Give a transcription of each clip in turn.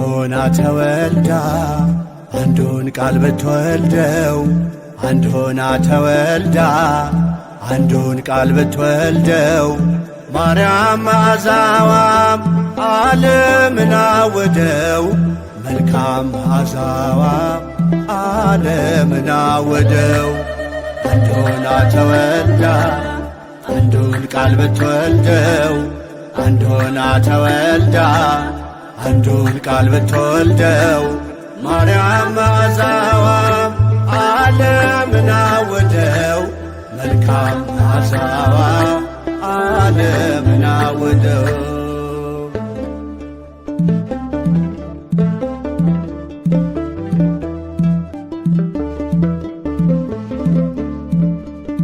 ሆና ተወልዳ አንዱን ቃል ብትወልደው አንድ ሆና ተወልዳ አንዱን ቃል ብትወልደው ማርያም መዓዛዋም ዓለምን አወደው መልካም መዓዛዋም ዓለምን አወደው አንድ ሆና ተወልዳ አንዱን ቃል ብትወልደው አንድ ሆና ተወልዳ አንዱን ቃል ብትወልደው ማርያም መዓዛዋ ዓለምን አወደው መልካም መዓዛዋ ዓለምን አወደው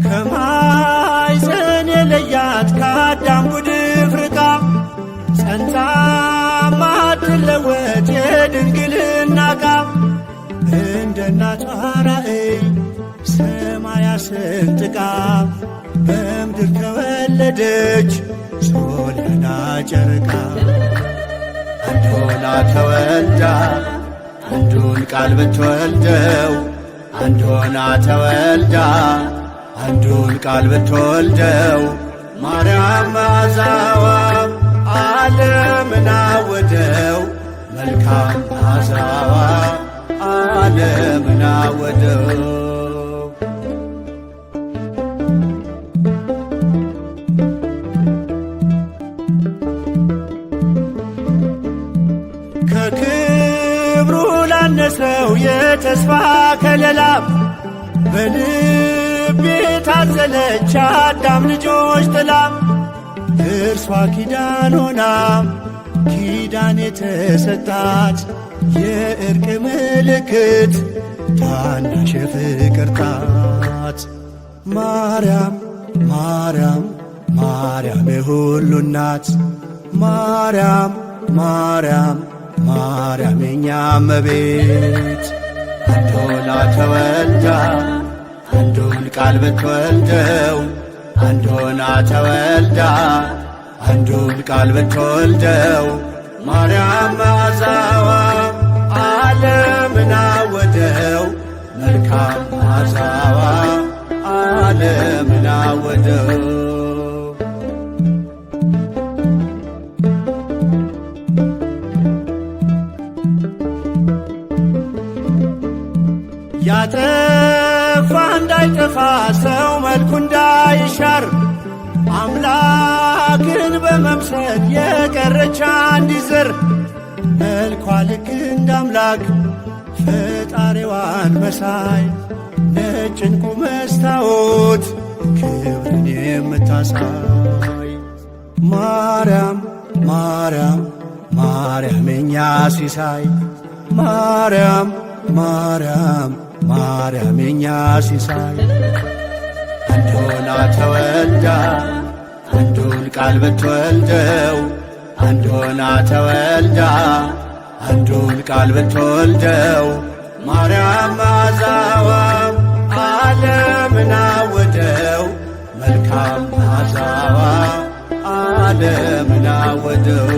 ከማይፀን የለያት ከአዳም ጨረቃ እንደ እናቷ ራእይ ሰማያ ስንጥቃ በምድር ተወለደች ሶልና ጨረቃ አንድ ተወልዳ አንዱን ቃል ብትወልደው አንድ ተወልዳ አንዱን ቃል ብትወልደው ማርያም ማዛዋ ዓለምን አወደው መልካም ሐሳቧ ዓለምን አወደው። ከክብሩ ላነሰው የተስፋ ከለላ በልቤ ታዘለች አዳም ልጆች ጥላ እርሷ ኪዳን ሆና ኪዳን የተሰጣት የእርቅ ምልክት ታናሽ የፍቅር ጣት ማርያም ማርያም ማርያም የሁሉ እናት ማርያም ማርያም ማርያም የኛ እመቤት አንዶላ ተወልዳ አንዱን ቃል ብትወልደው አንዶና ተወልዳ አንዱን ቃል ብትወልደው ማርያም መዓዛዋ ዓለምን አወደው መልካም መዓዛዋ ዓለምን አወደው ያጠፋ እንዳይጠፋ ሰው መልኩ እንዳይሻር አምላክ አምላክን በመምሰል የቀረች አንዲት ዘር መልኳ ልክ እንደ አምላክ ፈጣሪዋን መሳይ ነጭ ዕንቁ መስታወት ክብርን የምታሳይ ማርያም ማርያም ማርያም ሲሳይ ማርያም ማርያም ማርያም ሲሳይ እንደሆና ተወልዳ አንዱን ቃል ብትወልደው አንዱን አተወልዳ አንዱን ቃል ብትወልደው ማርያም ማዛዋም ዓለምን አወደው መልካም ማዛዋ ዓለምን አወደው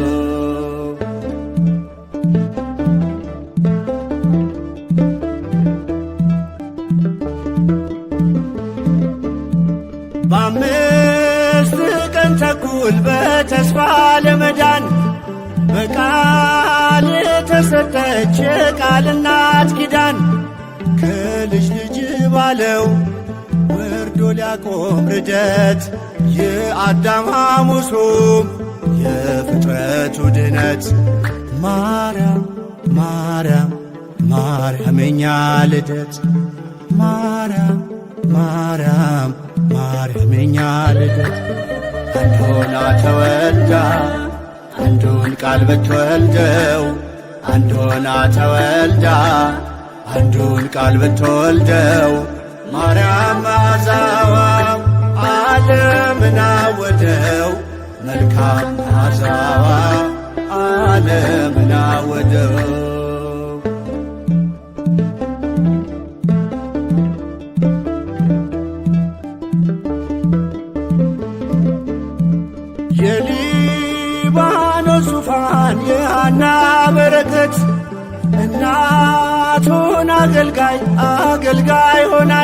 ተስፋ ለመዳን በቃል የተሰጠች የቃል እናት ኪዳን ከልጅ ልጅ ባለው ወርዶ ሊያቆም ርደት የአዳም ሐሙሱም የፍጥረቱ ድነት ማርያም ማርያም ማርያም ልደት ማርያም ማርያም ማርያም ልደት አንዱና ተወልዳ አንዱን ቃል ብትወልደው አንዱና ተወልዳ አንዱን ቃል ብትወልደው ማርያም ማዛዋ ዓለምን አወደው መልካም ማዛዋ ዓለምን አወደው የሊባኖስ ዙፋን የሃና በረከት እናቱን አገልጋይ አገልጋይ ሆና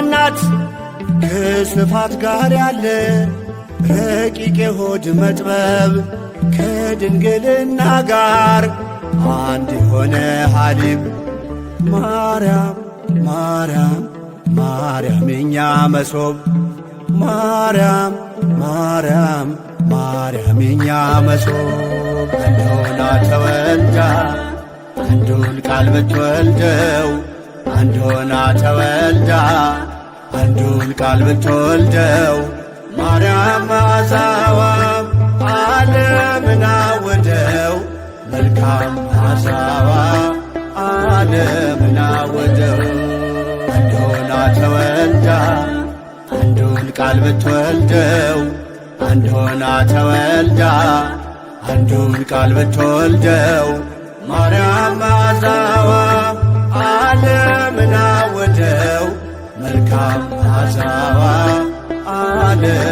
ከስፋት ጋር ያለ ረቂቅ የሆድ መጥበብ ከድንግልና ጋር አንድ የሆነ ሐሊብ ማርያም ማርያም ማርያም የኛ መሶብ ማርያም ማርያም ማርያም የኛ መሶብ አንዱን አተወልዳ አንዱን ቃል ብትወልደው አንዱን አተወልዳ አንዱን ቃል ብትወልደው ማርያም ሐሳቧም ዓለምን አወደው መልካም ዓለምን አወደው ቃል ብትወልደው አንድ ሆና ተወልዳ አንዱን ቃል ብትወልደው ማርያም ማዛዋ ዓለምን አወደው መልካም ማዛዋ ዓለም